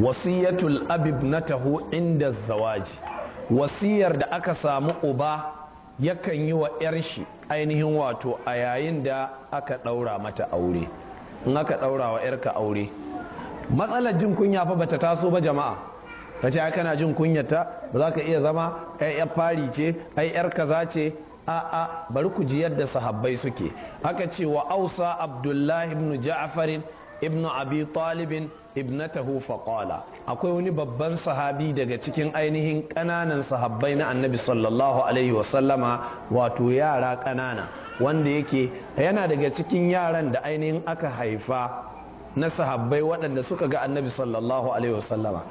wasiyatul abib na taho inda zawaji wasiyar da aka samu uba yakan yi wa 'yar shi ainihin wato a yayin da aka ɗaura mata aure in aka ɗaura wa 'yarka aure matsalar jin kunya fa bata taso ba jama'a ka ce ai kana jin kunyata ba za ka iya zama ai yar fari ce ai yar kaza ce a a bari ku ji yadda sahabbai suke aka ce wa ausa abdullahi ibn ja'far ibnu abi talibin ibnatahu faqala akwai wani babban sahabi daga cikin ainihin ƙananan sahabbai na annabi sallallahu alaihi wasallama wato yara ƙanana wanda yake yana daga cikin yaran da ainihin aka haifa na sahabbai waɗanda suka ga annabi sallallahu alaihi wasallama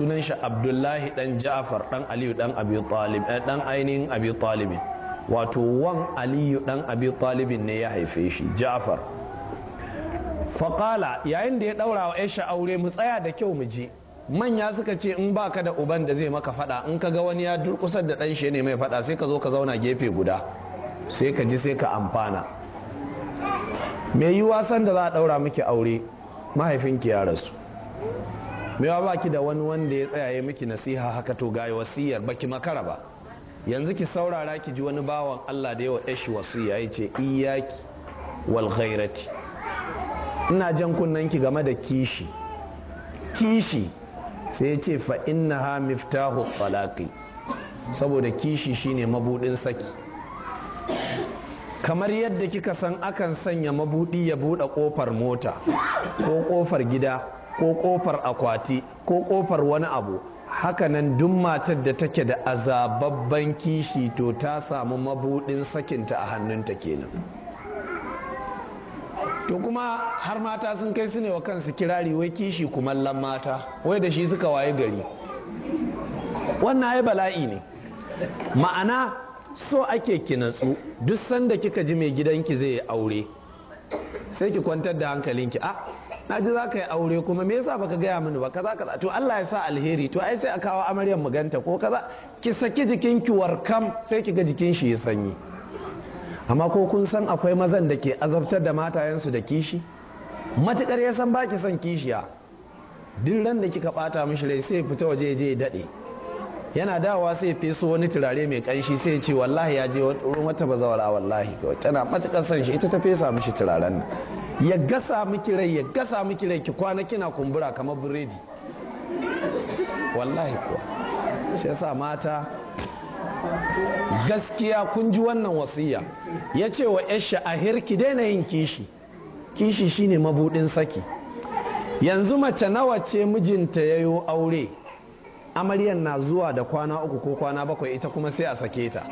sunan shi abdullahi dan ja'far dan aliyu dan abi talib dan eh, ainihin abi talibin wato wan aliyu dan abi talibin ne ya haife shi ja'far faƙala yayin da ya ɗaura wa aisha aure mu tsaya da kyau mu je manya suka ce in ba ka da uban da zai maka faɗa in ka ga wani ya durƙusar da ɗan shi ne mai faɗa sai ka zo ka zauna gefe guda sai ka ji sai ka amfana me yi wasan da za a ɗaura miki aure mahaifinki ya rasu me ba baki da wani wanda ya tsaya ya miki nasiha haka to ga wasiyar baki makara ba yanzu ki saurara ki ji wani bawan Allah da yawa ɗashi wasiya ya ce iyaki wal ina jan kunnan ki game da kishi kishi sai ce fa ha miftahu talaqi saboda kishi shine mabudin saki kamar yadda kika san akan sanya mabudi ya buɗe ƙofar mota ko ƙofar gida ko ƙofar akwati ko ƙofar wani abu hakanan duk matar da take da azababban kishi to ta samu mabudin sakinta a hannunta kenan to kuma har mata sun kai su ne wa kansu kirari wai kishi kumallon mata wai da shi suka waye gari wannan ya bala'i ne ma'ana so ake ki natsu duk sanda kika ji mai gidanki zai aure sai ki kwantar da hankalinki a ah, na ji za ka yi aure kuma me yasa baka gaya mini ba kaza kaza to Allah ya sa alheri to ai sai a kawo amaryar muganta ko kaza ki saki jikinki warkam sai ki ga jikin shi ya sanyi amma ko kun san akwai mazan da ke azabtar da matayensu da kishi matukar ya san baki son kishiya duk ran da kika bata mishi rai sai fita waje je ya dade yana dawa sai feso wani turare mai kanshi sai ce wallahi ya je wurin wata bazawara wallahi tana matukar son shi ita ta fesa mishi turaren nan ya gasa miki rai ya gasa miki rai ki kwana kina kumbura kamar biredi wallahi kuwa shi yasa mata gaskiya kun ji wannan wasiya ya ce wa yasha a ki daina yin kishi kishi shine mabudin saki yanzu mace nawa ce mijinta ya yo aure amaryan na zuwa da kwana uku ko kwana bakwai ita kuma sai a sake ta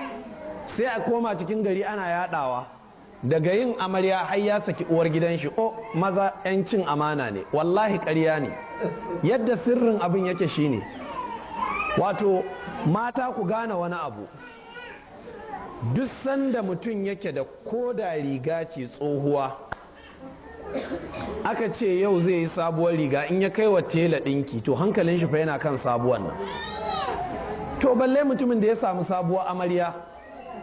sai a koma cikin gari ana yadawa daga yin amarya har ya saki uwar gidan shi o maza yancin amana ne wallahi ƙarya ne yadda sirrin abin yake shine wato mata ku gane wani abu duk sanda mutum yake da koda riga ce tsohuwa aka ce yau zai yi sabuwar riga in ya kai wa tela ɗinki to hankalin shi fa yana kan sabuwar nan to balle mutumin da ya samu sabuwar amarya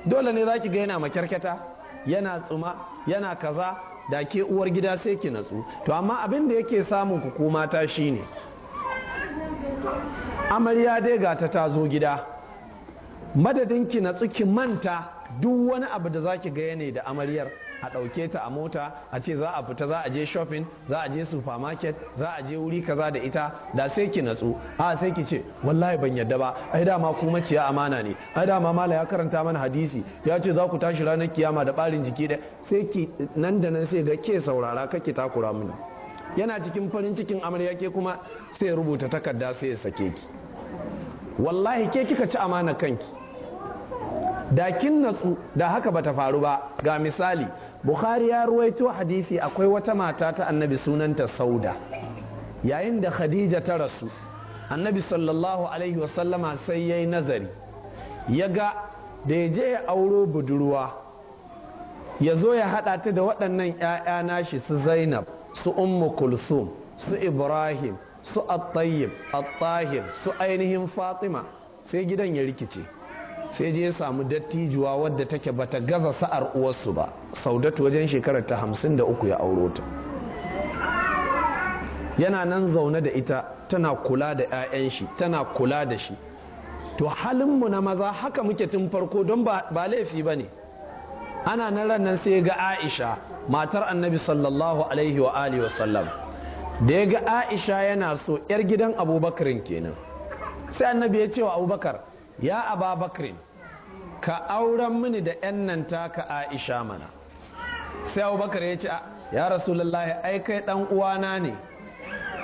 dole ne zaki ga yana makarkata yana tsuma yana kaza da ke uwar gida sai ki natsu to amma abin da yake samun ku ko mata shine amarya dai gata ta zo gida madadin ki natsu ki manta duk wani abu da zaki ga yanayi da amaryar a ɗauke ta a mota a ce za a fita za a je shopping za a je supermarket za a je wuri kaza da ita da sai ki natsu a sai ki ce wallahi ban yadda ba ai dama ku maciya amana ne ai dama mala ya karanta mana hadisi ya ce za ku tashi ranar kiyama da ɓarin jiki da sai ki nan da nan sai ga ke saurara kake takura mini yana cikin farin cikin amarya ke kuma sai rubuta takarda sai ya sake ki wallahi ke kika ci amana kanki da kin natsu da haka bata faru ba ga misali bukhari ya ruwaito hadisi akwai wata mata ta annabi sunanta sauda yayin da khadija ta rasu annabi sallallahu alaihi wasallama sai ya yi nazari ya ga da ya je ya auro budurwa ya zo ya haɗa ta da waɗannan 'ya'ya nashi su zainab su ummu kulsum su ibrahim su at-tayyib at-tahir su ainihin fatima sai gidan ya rikice sai je ya samu dattijuwa wadda take ta gaza sa'ar uwarsu ba saudatu wajen shekarar ta hamsin da uku ya auro ta yana nan zaune da ita tana kula da 'ya'yan shi tana kula da shi to halinmu na maza haka muke tun farko don ba laifi ba ne ana nan ranar sai ga aisha matar annabi sallallahu alaihi wa alihi wa sallam da ya ga aisha yana so 'yar gidan abubakarin kenan sai annabi ya ce wa abubakar ya ababakarin ka auren mini da yan nan ka aisha mana sai abubakar ya ce ya rasulullahi ai kai dan uwana ne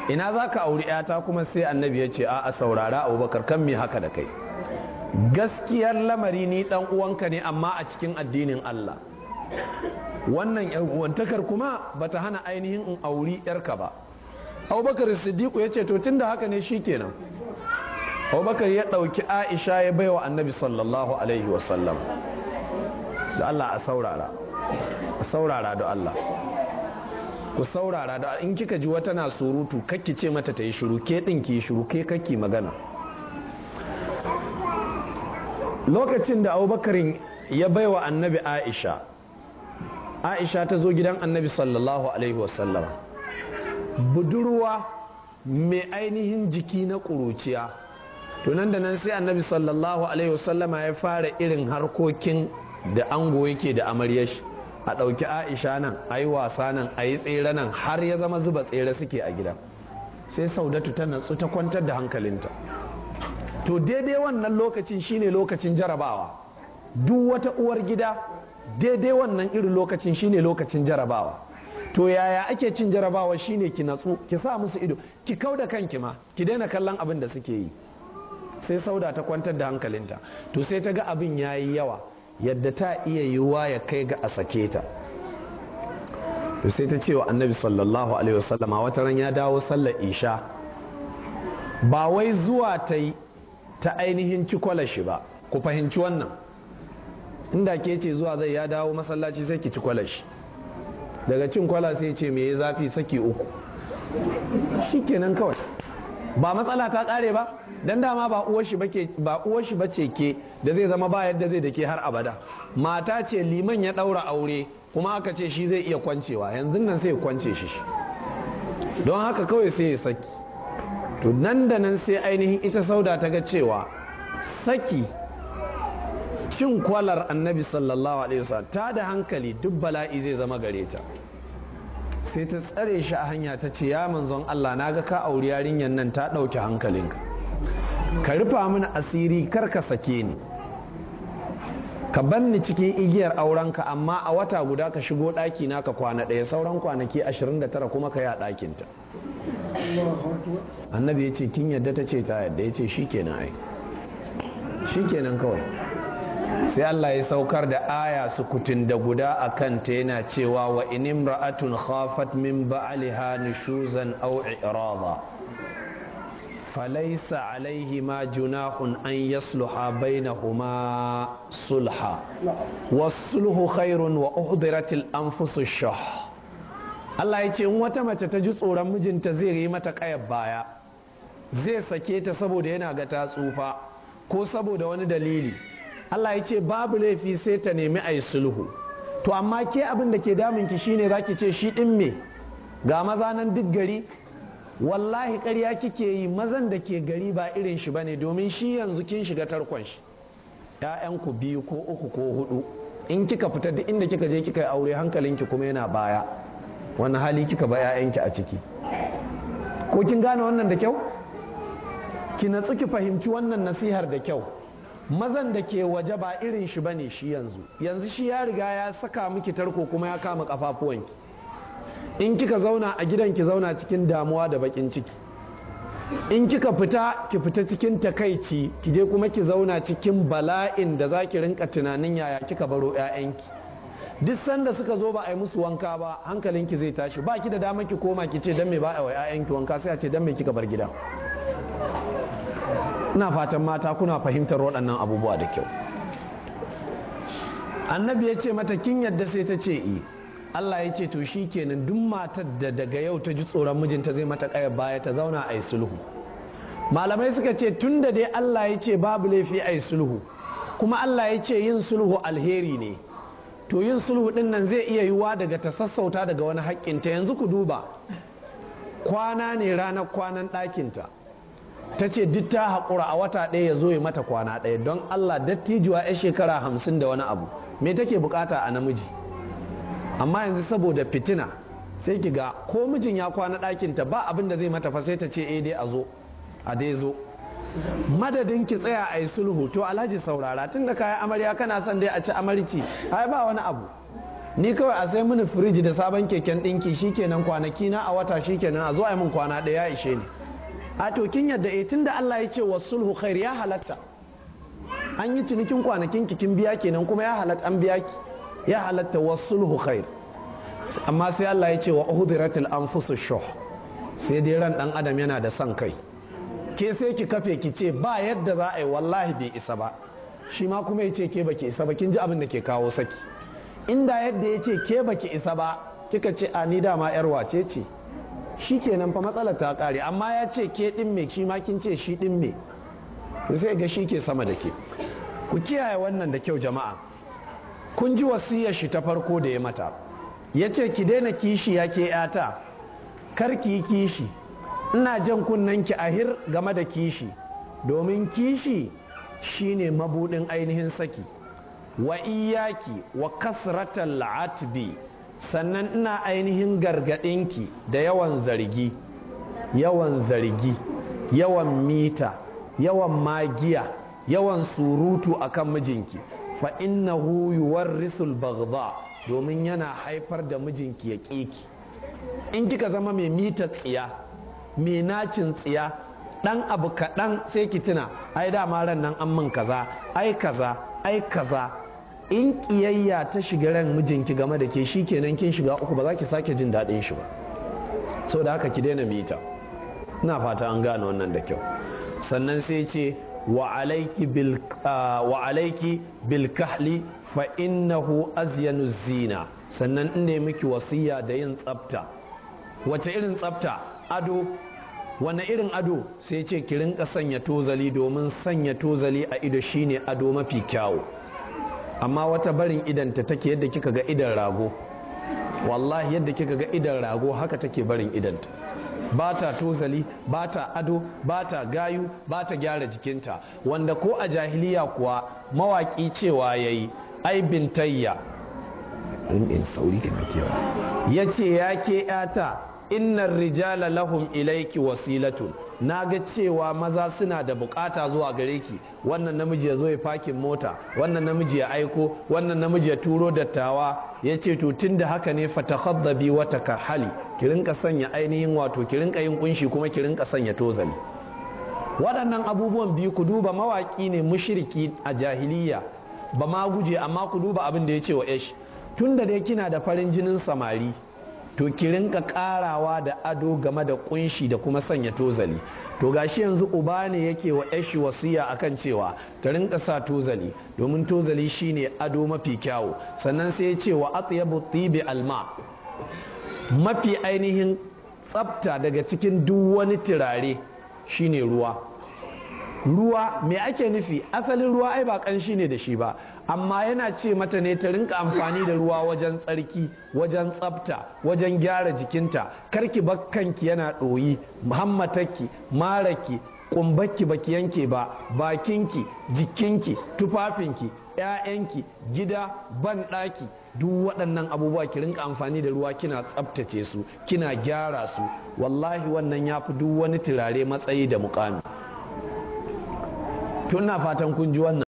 ina za ka auri yata kuma sai annabi ya ce a saurara abubakar kan mi haka da kai gaskiyar lamari ni dan uwanka ne amma a cikin addinin Allah wannan uwantakar kuma bata hana ainihin in auri yarka ba abubakar siddiqu ya ce to tunda haka ne kenan. abubakar ya ɗauki aisha ya baiwa annabi sallallahu alaihi wasallam da allah a saurara a saurara da allah ku saurara da in kika ji wata na surutu kakki ce mata ta yi shuru ke ɗin ki yi shuru ke kakki magana lokacin da abubakarin ya baiwa annabi aisha aisha ta zo gidan annabi sallallahu alaihi wasallam budurwa mai ainihin jiki na ƙuruciya to nan da nan sai annabi sallallahu alaihi wasallama ya fara irin harkokin da ango yake da amaryar shi a ɗauki aisha nan a yi wasa nan a yi tsere nan har ya zama zuba tsere suke a gida sai saudatu ta natsu ta kwantar da hankalinta to daidai wannan lokacin shine lokacin jarabawa duk wata uwar gida daidai wannan irin lokacin shine lokacin jarabawa to yaya ake cin jarabawa shine ki natsu ki sa musu ido ki kau da kanki ma ki daina kallon abin da suke yi sai sauda ta kwantar da hankalinta to sai ta ga abin ya yi yawa yadda ta iya yiwuwa ya kai ga a sake ta to sai ta ce wa annabi sallallahu alaihi wasallama wata ran ya dawo sallar isha ba wai zuwa ta yi ta ainihin ci kwalashi ba ku fahimci wannan inda ke ce zuwa zai ya dawo masallaci sai ki ci kwalashi daga cin kwala sai ce me ya zafi saki uku shikenan kawai ba matsala ta kare ba dan dama ba uwar shi bace ba uwar shi bace ke da zai zama ba yadda zai dake har abada mata ce liman ya daura aure kuma aka ce shi zai iya kwancewa yanzu nan sai ya kwance shi don haka kawai sai ya saki to nan da nan sai ainihin ita sauda ta ga cewa saki cin kwalar annabi sallallahu alaihi wasallam ta da hankali duk bala'i zai zama gare ta sai ta tsare shi a hanya ta ce ya manzon Allah na ga ka auri yarinyar nan ta ɗauki hankalinka ka rufa mini asiri kar ka sake ni ka ban ni cikin igiyar aurenka amma a wata guda ka shigo ɗaki na ka kwana ɗaya sauran kwanaki 29 kuma ka yi a ɗakinta annabi ya ce kin yadda ta ce ta yadda ya ce shi kenan ai shi kenan kawai sai Allah ya saukar da aya su kutin da guda a kanta yana cewa wa inimra'atun khafat min ba'aliha nushuzan aw i'rada falaisa alaihi ma junahun an yasluha bainahuma sulha sulhu khairun wa uhdiratil anfusu shah Allah ya ce in wata mace ta ji tsoron mijinta zai yi mata kayar baya zai sake ta saboda yana ga ta tsufa ko saboda wani dalili Allah ya ce babu laifi sai ta nemi a yi sulhu to amma ke abin da ke ki shine zaki ce shi din me ga maza nan duk gari wallahi ƙarya kike yi mazan da ke gari ba irin shi bane domin shi yanzu kin shiga tarkon shi ku biyu ko uku ko hudu in kika fita duk inda kika je kika yi aure hankalinki kuma yana baya wani hali kika ba 'ya'yanki a ciki ko kin gane wannan da kyau ki natsu ki fahimci wannan nasihar da kyau mazan da ke waje ba irin shi bane shi yanzu yanzu shi ya riga ya saka miki tarko kuma ya kama kafafuwanki in kika zauna a gidan ki zauna cikin damuwa da bakin ciki in kika fita ki fita cikin takaici ki je kuma ki zauna cikin bala'in da za ki rinka tunanin yaya kika baro 'ya'yanki duk sanda suka zo ba a yi musu wanka ba hankalinki zai tashi ba ki da dama ki koma ki ce dan me ba a wa 'ya'yanki wanka sai a ce dan me kika bar gida ina fatan mata kuna fahimtar waɗannan abubuwa da kyau annabi ya ce mata kin yadda sai ta ce i eh. Allah ya ce to shi kenan duk matar da daga yau ta ji tsoron mijinta zai mata kaya baya ta zauna a sulhu malamai suka ce tun da dai Allah ya ce babu laifi a sulhu kuma Allah ya ce yin sulhu alheri ne to yin sulhu din nan zai iya yiwa daga ta sassauta daga wani haƙƙinta yanzu ku duba kwana ne ranar kwanan ɗakinta ta ce duk ta haƙura a wata ɗaya ya zo ya mata kwana ɗaya don Allah dattijuwa 'yar shekara hamsin da wani abu me take bukata a namiji amma yanzu saboda fitina sai ki ga ko mijin ya kwana ɗakin ta ba abin da zai mata fa sai ta ce eh dai a zo a dai zo madadin ki tsaya a yi sulhu to alhaji saurara tun da kayan amarya kana son dai a ci amarci ai ba wani abu ni kawai a sai mini firiji da sabon keken ɗinki shikenan kwanaki na a wata shikenan a zo a yi min kwana ɗaya ya ishe ni a to kin yadda eh tun da Allah ya ce wa sulhu khair ya halatta an yi cinikin kwanakin ki kin biya kenan kuma ya halatta an biya ki ya halatta wasulhu khair amma sai Allah ya ce wa uhdiratil anfusu shuh sai dai ran dan adam yana da san kai ke sai ki kafe ki ce ba yadda za a yi wallahi bai isa ba shi ma kuma ya ce ke baki isa ba kin ji abin da ke kawo saki inda yadda ya ce ke baki isa ba kika ce a ni dama yar wace ce shi kenan fa matsalar ta kare amma ya ce ke din me shi ma kin ce shi din me sai ga shi ke sama da ke ku kiyaye wannan da kyau jama'a kun ji wasiyar shi ta farko da ya mata ya ce ki daina kishi ya ke yata kar ki yi kishi ina jan kunnen ki a-hir game da kishi domin kishi shine mabudin ainihin saki wa iyaki wa kasratal la'atbi sannan ina ainihin ki da yawan zargi yawan zargi yawan mita yawan magiya yawan surutu akan mijinki fa innahu yuwarrisul baghdha domin yana haifar da mijinki ya ƙiƙi in kika zama mai mita tsiya mai nacin tsiya ɗan abu kaɗan sai ki tuna ai dama ran nan an min kaza ai kaza ai kaza in ƙiyayya ta shiga ran mijinki game da ke shi kenan kin shiga uku ba za ki sake jin daɗin shi ba saboda haka ki daina mita ina fata an gane wannan da kyau sannan sai ce wa alaiki ah, bil kahli fa innahu azyanu zina sannan ina miki wasiya da yin tsafta wace irin tsafta ado wani irin ado sai ce ki rinka sanya tozali domin sanya tozali a ido shine ado mafi kyawu amma wata barin idanta take yadda kika ga idan rago wallahi yadda kika ga idan rago haka take barin idanta ba ta tozali ba ta ado ba ta gayu ba ta gyara jikinta wanda ko a jahiliya kuwa mawaƙi cewa ya yi ai tayya. ya ce ya ke 'yata innar rijala lahum ilaiki wasilatu na ga cewa maza suna da bukata zuwa gare ki wannan namiji ya zo ya fakin mota wannan namiji ya aiko wannan namiji ya turo dattawa ya ce to tunda da haka ne fatakhaddabi wa takahali ki rinka sanya ainihin wato ki rinka yin kunshi kuma ki rinka sanya tozali waɗannan abubuwan biyu ku duba mawaƙi ne mushriki a jahiliya ba ma guje amma ku duba abin da ya ce wa ish tunda dai kina da farin jinin samari to ki rinka karawa da ado game da kunshi da kuma sanya tozali to gashi yanzu uba ne yake wa yashi wasiya akan cewa ta rinka sa tozali domin tozali shine ado mafi kyawu sannan sai ya ce wa atyabu tibi alma mafi ainihin tsafta daga cikin duk wani turare shine ruwa ruwa me ake nufi asalin ruwa ai ba kanshi ne da shi ba amma yana ce mata ne ta rinka amfani da ruwa wajen tsarki wajen tsafta wajen gyara jikinta karki bakkanki yana ɗoyi hammatarki maraki kumbakki baki yanke ba bakinki jikinki tufafinki ‘ya'yanki gida ban ɗaki duk waɗannan abubuwa ki rinka amfani da ruwa kina tsaftace su kina gyara su wallahi wannan ya fi duk wani turare matsayi da mukami tun na fatan kun ji wannan